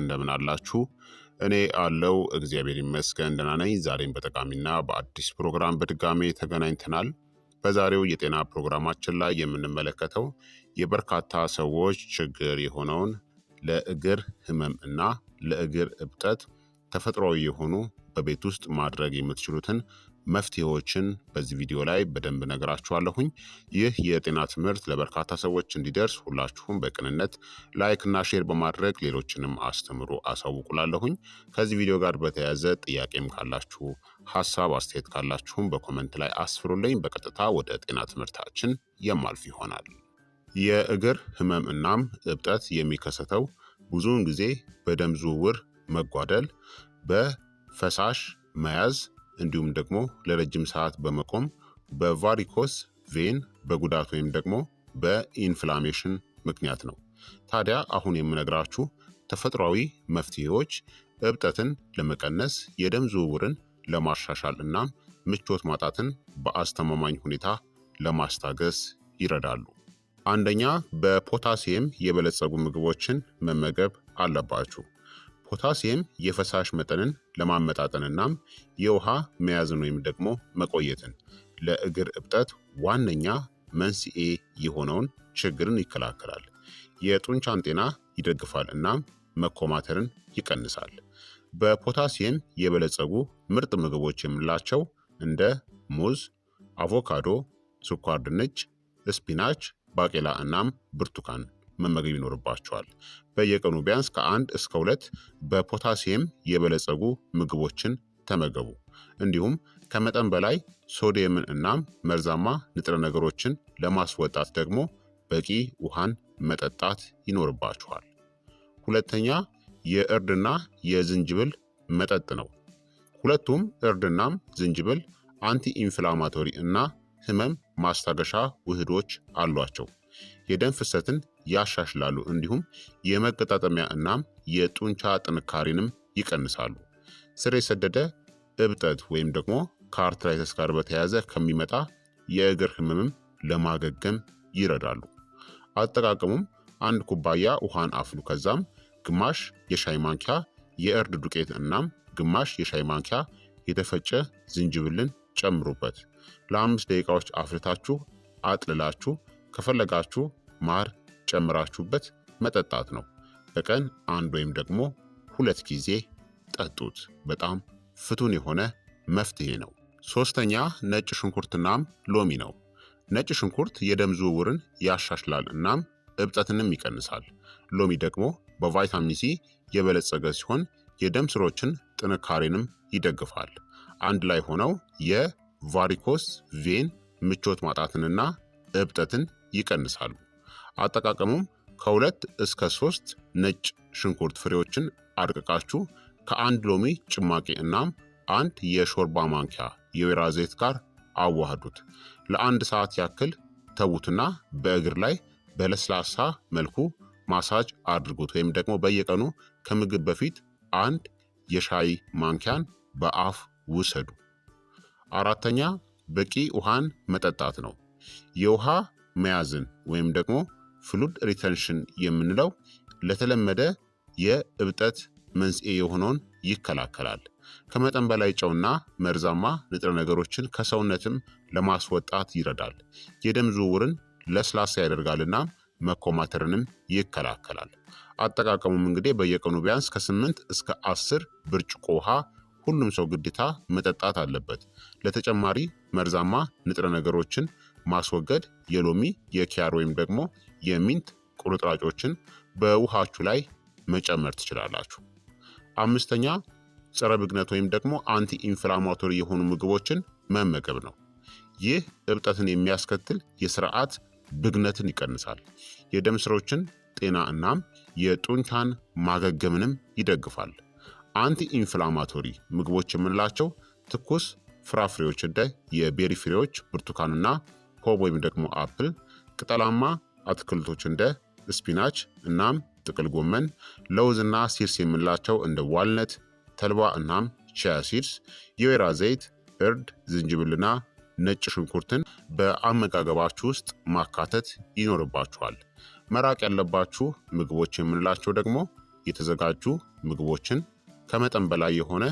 እንደምን አላችሁ? እኔ አለው እግዚአብሔር ይመስገን ደህና ነኝ። ዛሬም በጠቃሚና በአዲስ ፕሮግራም በድጋሜ ተገናኝተናል። በዛሬው የጤና ፕሮግራማችን ላይ የምንመለከተው የበርካታ ሰዎች ችግር የሆነውን ለእግር ህመም እና ለእግር እብጠት ተፈጥሯዊ የሆኑ በቤት ውስጥ ማድረግ የምትችሉትን መፍትሄዎችን በዚህ ቪዲዮ ላይ በደንብ ነግራችኋለሁኝ። ይህ የጤና ትምህርት ለበርካታ ሰዎች እንዲደርስ ሁላችሁም በቅንነት ላይክና ሼር በማድረግ ሌሎችንም አስተምሩ አሳውቁላለሁኝ። ከዚህ ቪዲዮ ጋር በተያያዘ ጥያቄም ካላችሁ ሀሳብ አስተያየት ካላችሁም በኮመንት ላይ አስፍሩልኝ። በቀጥታ ወደ ጤና ትምህርታችን የማልፍ ይሆናል። የእግር ህመም እናም እብጠት የሚከሰተው ብዙውን ጊዜ በደም ዝውውር መጓደል፣ በፈሳሽ መያዝ እንዲሁም ደግሞ ለረጅም ሰዓት በመቆም በቫሪኮስ ቬን በጉዳት ወይም ደግሞ በኢንፍላሜሽን ምክንያት ነው። ታዲያ አሁን የምነግራችሁ ተፈጥሯዊ መፍትሄዎች እብጠትን ለመቀነስ የደም ዝውውርን ለማሻሻል እናም ምቾት ማጣትን በአስተማማኝ ሁኔታ ለማስታገስ ይረዳሉ። አንደኛ በፖታሲየም የበለጸጉ ምግቦችን መመገብ አለባችሁ። ፖታሲየም የፈሳሽ መጠንን ለማመጣጠን እናም የውሃ መያዝን ወይም ደግሞ መቆየትን ለእግር እብጠት ዋነኛ መንስኤ የሆነውን ችግርን ይከላከላል። የጡንቻን ጤና ይደግፋል እናም መኮማተርን ይቀንሳል። በፖታሲየም የበለጸጉ ምርጥ ምግቦች የምንላቸው እንደ ሙዝ፣ አቮካዶ፣ ስኳር ድንች፣ ስፒናች፣ ባቄላ እናም ብርቱካን መመገብ ይኖርባቸዋል። በየቀኑ ቢያንስ ከአንድ እስከ ሁለት በፖታሲየም የበለጸጉ ምግቦችን ተመገቡ። እንዲሁም ከመጠን በላይ ሶዲየምን እናም መርዛማ ንጥረ ነገሮችን ለማስወጣት ደግሞ በቂ ውሃን መጠጣት ይኖርባችኋል። ሁለተኛ የእርድና የዝንጅብል መጠጥ ነው። ሁለቱም እርድናም ዝንጅብል አንቲ ኢንፍላማቶሪ እና ህመም ማስታገሻ ውህዶች አሏቸው። የደም ፍሰትን ያሻሽላሉ። እንዲሁም የመገጣጠሚያ እናም የጡንቻ ጥንካሬንም ይቀንሳሉ። ስር የሰደደ እብጠት ወይም ደግሞ ከአርትራይተስ ጋር በተያያዘ ከሚመጣ የእግር ህመምም ለማገገም ይረዳሉ። አጠቃቀሙም አንድ ኩባያ ውሃን አፍሉ። ከዛም ግማሽ የሻይ ማንኪያ የእርድ ዱቄት እናም ግማሽ የሻይ ማንኪያ የተፈጨ ዝንጅብልን ጨምሩበት። ለአምስት ደቂቃዎች አፍልታችሁ አጥልላችሁ ከፈለጋችሁ ማር ጨምራችሁበት መጠጣት ነው። በቀን አንድ ወይም ደግሞ ሁለት ጊዜ ጠጡት። በጣም ፍቱን የሆነ መፍትሄ ነው። ሶስተኛ ነጭ ሽንኩርት ሎሚ ነው። ነጭ ሽንኩርት የደም ዝውውርን ያሻሽላል እናም እብጠትንም ይቀንሳል። ሎሚ ደግሞ በቫይታሚን ሲ የበለጸገ ሲሆን የደም ስሮችን ጥንካሬንም ይደግፋል። አንድ ላይ ሆነው የቫሪኮስ ቬን ምቾት ማጣትንና እብጠትን ይቀንሳሉ። አጠቃቀሙም ከሁለት እስከ ሶስት ነጭ ሽንኩርት ፍሬዎችን አድቅቃችሁ ከአንድ ሎሚ ጭማቂ እናም አንድ የሾርባ ማንኪያ የወይራ ዘይት ጋር አዋህዱት። ለአንድ ሰዓት ያክል ተዉትና በእግር ላይ በለስላሳ መልኩ ማሳጅ አድርጉት። ወይም ደግሞ በየቀኑ ከምግብ በፊት አንድ የሻይ ማንኪያን በአፍ ውሰዱ። አራተኛ በቂ ውሃን መጠጣት ነው። የውሃ መያዝን ወይም ደግሞ ፍሉድ ሪተንሽን የምንለው ለተለመደ የእብጠት መንስኤ የሆነውን ይከላከላል። ከመጠን በላይ ጨውና መርዛማ ንጥረ ነገሮችን ከሰውነትም ለማስወጣት ይረዳል። የደም ዝውውርን ለስላሳ ያደርጋልና መኮማተርንም ይከላከላል። አጠቃቀሙም እንግዲህ በየቀኑ ቢያንስ ከስምንት እስከ አስር ብርጭቆ ውሃ ሁሉም ሰው ግዴታ መጠጣት አለበት። ለተጨማሪ መርዛማ ንጥረ ነገሮችን ማስወገድ የሎሚ የኪያር ወይም ደግሞ የሚንት ቁርጥራጮችን በውሃችሁ ላይ መጨመር ትችላላችሁ። አምስተኛ ጸረ ብግነት ወይም ደግሞ አንቲ ኢንፍላማቶሪ የሆኑ ምግቦችን መመገብ ነው። ይህ እብጠትን የሚያስከትል የስርዓት ብግነትን ይቀንሳል። የደም ስሮችን ጤና እናም የጡንቻን ማገገምንም ይደግፋል። አንቲ ኢንፍላማቶሪ ምግቦች የምንላቸው ትኩስ ፍራፍሬዎች እንደ የቤሪ ፍሬዎች፣ ብርቱካንና ኮብ ወይም ደግሞ አፕል፣ ቅጠላማ አትክልቶች እንደ ስፒናች እናም ጥቅል ጎመን፣ ለውዝና ሲርስ የምንላቸው እንደ ዋልነት፣ ተልባ እናም ቺያ ሲርስ የወይራ ዘይት፣ እርድ፣ ዝንጅብልና ነጭ ሽንኩርትን በአመጋገባችሁ ውስጥ ማካተት ይኖርባችኋል። መራቅ ያለባችሁ ምግቦች የምንላቸው ደግሞ የተዘጋጁ ምግቦችን፣ ከመጠን በላይ የሆነ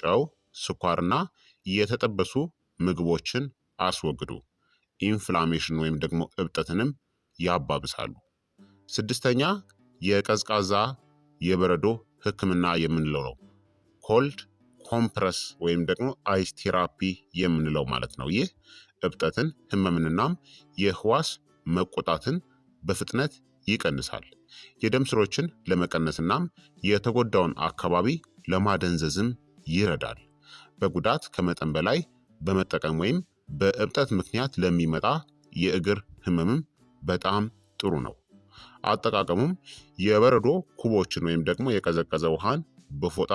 ጨው፣ ስኳርና የተጠበሱ ምግቦችን አስወግዱ። ኢንፍላሜሽን ወይም ደግሞ እብጠትንም ያባብሳሉ። ስድስተኛ የቀዝቃዛ የበረዶ ህክምና የምንለው ነው። ኮልድ ኮምፕረስ ወይም ደግሞ አይስ ቴራፒ የምንለው ማለት ነው። ይህ እብጠትን፣ ህመምንናም የህዋስ መቆጣትን በፍጥነት ይቀንሳል። የደም ስሮችን ለመቀነስናም የተጎዳውን አካባቢ ለማደንዘዝም ይረዳል። በጉዳት ከመጠን በላይ በመጠቀም ወይም በእብጠት ምክንያት ለሚመጣ የእግር ህመምም በጣም ጥሩ ነው። አጠቃቀሙም የበረዶ ኩቦችን ወይም ደግሞ የቀዘቀዘ ውሃን በፎጣ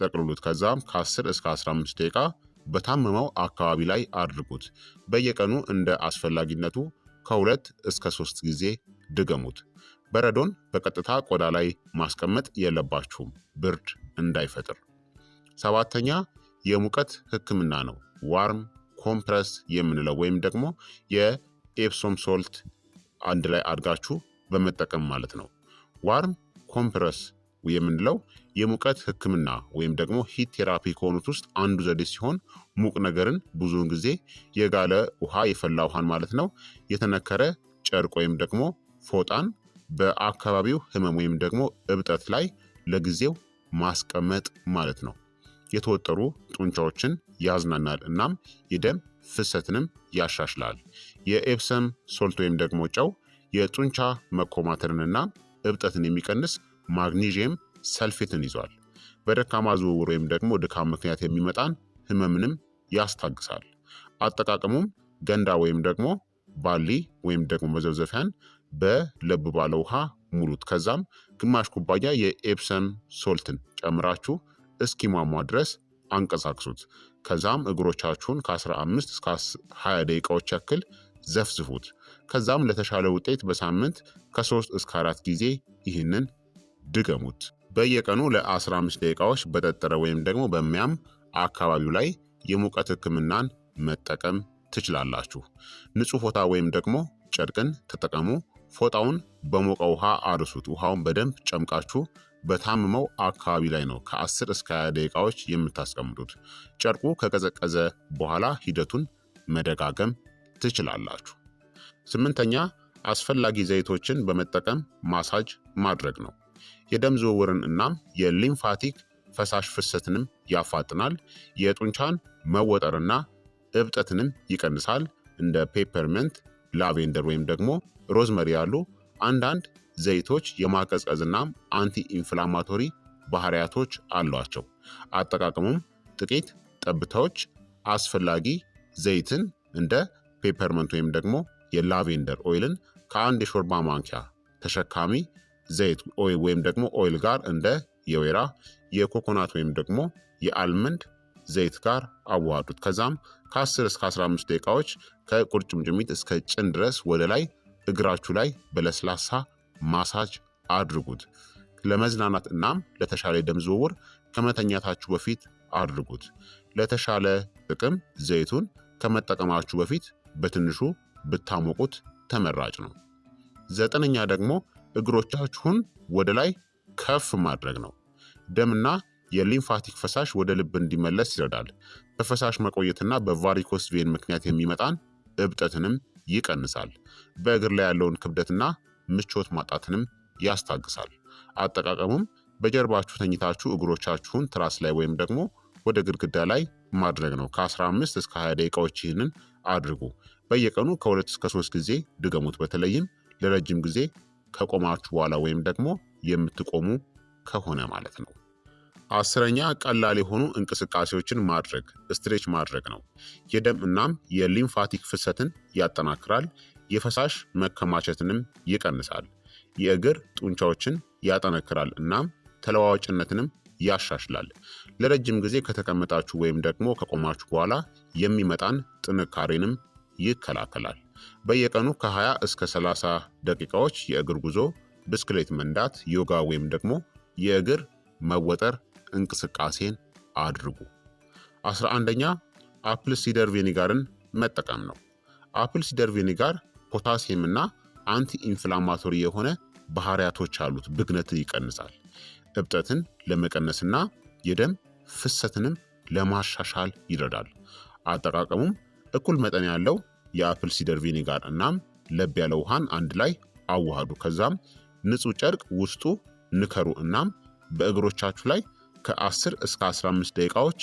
ጠቅልሉት። ከዛም ከ10 እስከ 15 ደቂቃ በታመመው አካባቢ ላይ አድርጉት። በየቀኑ እንደ አስፈላጊነቱ ከሁለት እስከ ሶስት ጊዜ ድገሙት። በረዶን በቀጥታ ቆዳ ላይ ማስቀመጥ የለባችሁም ብርድ እንዳይፈጥር። ሰባተኛ የሙቀት ህክምና ነው። ዋርም ኮምፕረስ የምንለው ወይም ደግሞ የኤፕሶም ሶልት አንድ ላይ አድጋችሁ በመጠቀም ማለት ነው። ዋርም ኮምፕረስ የምንለው የሙቀት ህክምና ወይም ደግሞ ሂት ቴራፒ ከሆኑት ውስጥ አንዱ ዘዴ ሲሆን ሙቅ ነገርን ብዙውን ጊዜ የጋለ ውሃ የፈላ ውሃን ማለት ነው የተነከረ ጨርቅ ወይም ደግሞ ፎጣን በአካባቢው ህመም ወይም ደግሞ እብጠት ላይ ለጊዜው ማስቀመጥ ማለት ነው። የተወጠሩ ጡንቻዎችን ያዝናናል እናም የደም ፍሰትንም ያሻሽላል። የኤፕሰም ሶልት ወይም ደግሞ ጨው የጡንቻ መኮማተርንና እብጠትን የሚቀንስ ማግኒዥየም ሰልፌትን ይዟል። በደካማ ዝውውር ወይም ደግሞ ድካም ምክንያት የሚመጣን ህመምንም ያስታግሳል። አጠቃቀሙም ገንዳ ወይም ደግሞ ባሊ ወይም ደግሞ መዘብዘፊያን በለብ ባለ ውሃ ሙሉት። ከዛም ግማሽ ኩባያ የኤፕሰም ሶልትን ጨምራችሁ እስኪሟሟ ድረስ አንቀሳቅሱት። ከዛም እግሮቻችሁን ከ15 እስከ 20 ደቂቃዎች ያክል ዘፍዝፉት። ከዛም ለተሻለ ውጤት በሳምንት ከ3 እስከ 4 ጊዜ ይህንን ድገሙት። በየቀኑ ለ15 ደቂቃዎች በጠጠረ ወይም ደግሞ በሚያም አካባቢው ላይ የሙቀት ህክምናን መጠቀም ትችላላችሁ። ንጹህ ፎጣ ወይም ደግሞ ጨርቅን ተጠቀሙ። ፎጣውን በሞቀ ውሃ አርሱት። ውሃውን በደንብ ጨምቃችሁ በታመመው አካባቢ ላይ ነው ከ10 እስከ 20 ደቂቃዎች የምታስቀምጡት። ጨርቁ ከቀዘቀዘ በኋላ ሂደቱን መደጋገም ትችላላችሁ። ስምንተኛ አስፈላጊ ዘይቶችን በመጠቀም ማሳጅ ማድረግ ነው። የደም ዝውውርን እናም የሊምፋቲክ ፈሳሽ ፍሰትንም ያፋጥናል። የጡንቻን መወጠርና እብጠትንም ይቀንሳል። እንደ ፔፐርመንት፣ ላቬንደር ወይም ደግሞ ሮዝመሪ ያሉ አንዳንድ ዘይቶች የማቀዝቀዝና አንቲ ኢንፍላማቶሪ ባህሪያቶች አሏቸው። አጠቃቀሙም ጥቂት ጠብታዎች አስፈላጊ ዘይትን እንደ ፔፐርመንት ወይም ደግሞ የላቬንደር ኦይልን ከአንድ የሾርባ ማንኪያ ተሸካሚ ዘይት ወይም ደግሞ ኦይል ጋር እንደ የወይራ የኮኮናት ወይም ደግሞ የአልመንድ ዘይት ጋር አዋዱት። ከዛም ከ10 እስከ 15 ደቂቃዎች ከቁርጭምጭሚት እስከ ጭን ድረስ ወደ ላይ እግራችሁ ላይ በለስላሳ ማሳጅ አድርጉት። ለመዝናናት እናም ለተሻለ ደም ዝውውር ከመተኛታችሁ በፊት አድርጉት። ለተሻለ ጥቅም ዘይቱን ከመጠቀማችሁ በፊት በትንሹ ብታሞቁት ተመራጭ ነው። ዘጠነኛ ደግሞ እግሮቻችሁን ወደ ላይ ከፍ ማድረግ ነው። ደምና የሊምፋቲክ ፈሳሽ ወደ ልብ እንዲመለስ ይረዳል። በፈሳሽ መቆየትና በቫሪኮስ ቬን ምክንያት የሚመጣን እብጠትንም ይቀንሳል። በእግር ላይ ያለውን ክብደትና ምቾት ማጣትንም ያስታግሳል። አጠቃቀሙም በጀርባችሁ ተኝታችሁ እግሮቻችሁን ትራስ ላይ ወይም ደግሞ ወደ ግድግዳ ላይ ማድረግ ነው። ከ15 እስከ 20 ደቂቃዎች ይህንን አድርጉ። በየቀኑ ከ2 እስከ 3 ጊዜ ድገሙት። በተለይም ለረጅም ጊዜ ከቆማችሁ በኋላ ወይም ደግሞ የምትቆሙ ከሆነ ማለት ነው። አስረኛ ቀላል የሆኑ እንቅስቃሴዎችን ማድረግ ስትሬች ማድረግ ነው። የደም እናም የሊምፋቲክ ፍሰትን ያጠናክራል። የፈሳሽ መከማቸትንም ይቀንሳል። የእግር ጡንቻዎችን ያጠነክራል እናም ተለዋዋጭነትንም ያሻሽላል። ለረጅም ጊዜ ከተቀመጣችሁ ወይም ደግሞ ከቆማችሁ በኋላ የሚመጣን ጥንካሬንም ይከላከላል። በየቀኑ ከ20 እስከ 30 ደቂቃዎች የእግር ጉዞ፣ ብስክሌት መንዳት፣ ዮጋ ወይም ደግሞ የእግር መወጠር እንቅስቃሴን አድርጉ። 11ኛ አፕል ሲደር ቬኒጋርን መጠቀም ነው። አፕል ሲደር ቬኒጋር ፖታሲየም እና አንቲ ኢንፍላማቶሪ የሆነ ባህሪያቶች አሉት። ብግነትን ይቀንሳል። እብጠትን ለመቀነስና የደም ፍሰትንም ለማሻሻል ይረዳል። አጠቃቀሙም እኩል መጠን ያለው የአፕል ሲደር ቪኒጋር እናም ለብ ያለ ውሃን አንድ ላይ አዋሃዱ። ከዛም ንጹህ ጨርቅ ውስጡ ንከሩ እናም በእግሮቻችሁ ላይ ከ10 እስከ 15 ደቂቃዎች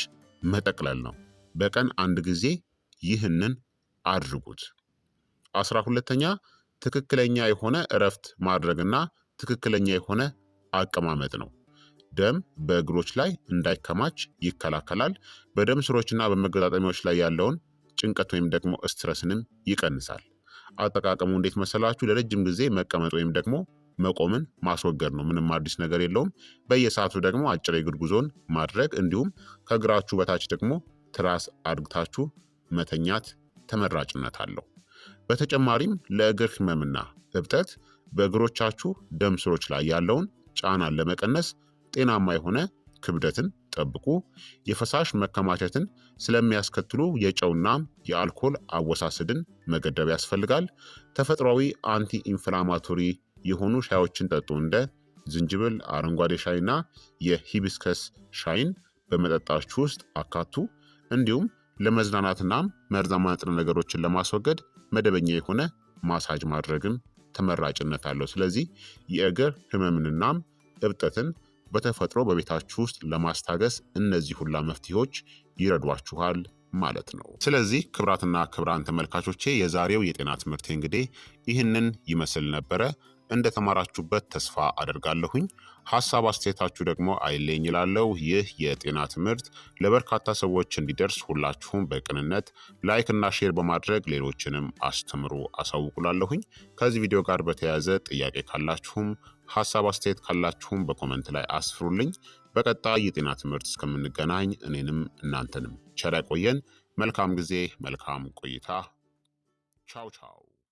መጠቅለል ነው። በቀን አንድ ጊዜ ይህንን አድርጉት። አስራ ሁለተኛ ትክክለኛ የሆነ እረፍት ማድረግና ትክክለኛ የሆነ አቀማመጥ ነው። ደም በእግሮች ላይ እንዳይከማች ይከላከላል። በደም ስሮችና በመገጣጠሚያዎች ላይ ያለውን ጭንቀት ወይም ደግሞ ስትረስንም ይቀንሳል። አጠቃቀሙ እንዴት መሰላችሁ? ለረጅም ጊዜ መቀመጥ ወይም ደግሞ መቆምን ማስወገድ ነው። ምንም አዲስ ነገር የለውም። በየሰዓቱ ደግሞ አጭር የእግር ጉዞን ማድረግ እንዲሁም ከእግራችሁ በታች ደግሞ ትራስ አድግታችሁ መተኛት ተመራጭነት አለው። በተጨማሪም ለእግር ህመምና እብጠት በእግሮቻችሁ ደም ስሮች ላይ ያለውን ጫናን ለመቀነስ ጤናማ የሆነ ክብደትን ጠብቁ። የፈሳሽ መከማቸትን ስለሚያስከትሉ የጨውና የአልኮል አወሳሰድን መገደብ ያስፈልጋል። ተፈጥሯዊ አንቲ ኢንፍላማቶሪ የሆኑ ሻዮችን ጠጡ። እንደ ዝንጅብል፣ አረንጓዴ ሻይና የሂቢስከስ ሻይን በመጠጣችሁ ውስጥ አካቱ። እንዲሁም ለመዝናናትና መርዛማ ንጥረ ነገሮችን ለማስወገድ መደበኛ የሆነ ማሳጅ ማድረግም ተመራጭነት አለው። ስለዚህ የእግር ህመምንናም እብጠትን በተፈጥሮ በቤታችሁ ውስጥ ለማስታገስ እነዚህ ሁላ መፍትሄዎች ይረዷችኋል ማለት ነው። ስለዚህ ክብራትና ክብራን ተመልካቾቼ የዛሬው የጤና ትምህርት እንግዲህ ይህንን ይመስል ነበረ። እንደተማራችሁበት ተስፋ አደርጋለሁኝ። ሀሳብ አስተያየታችሁ ደግሞ አይለኝ ይላለው። ይህ የጤና ትምህርት ለበርካታ ሰዎች እንዲደርስ ሁላችሁም በቅንነት ላይክና ሼር በማድረግ ሌሎችንም አስተምሩ አሳውቁላለሁኝ። ከዚህ ቪዲዮ ጋር በተያያዘ ጥያቄ ካላችሁም ሀሳብ አስተያየት ካላችሁም በኮመንት ላይ አስፍሩልኝ። በቀጣይ የጤና ትምህርት እስከምንገናኝ እኔንም እናንተንም ቸር ያቆየን። መልካም ጊዜ፣ መልካም ቆይታ። ቻው ቻው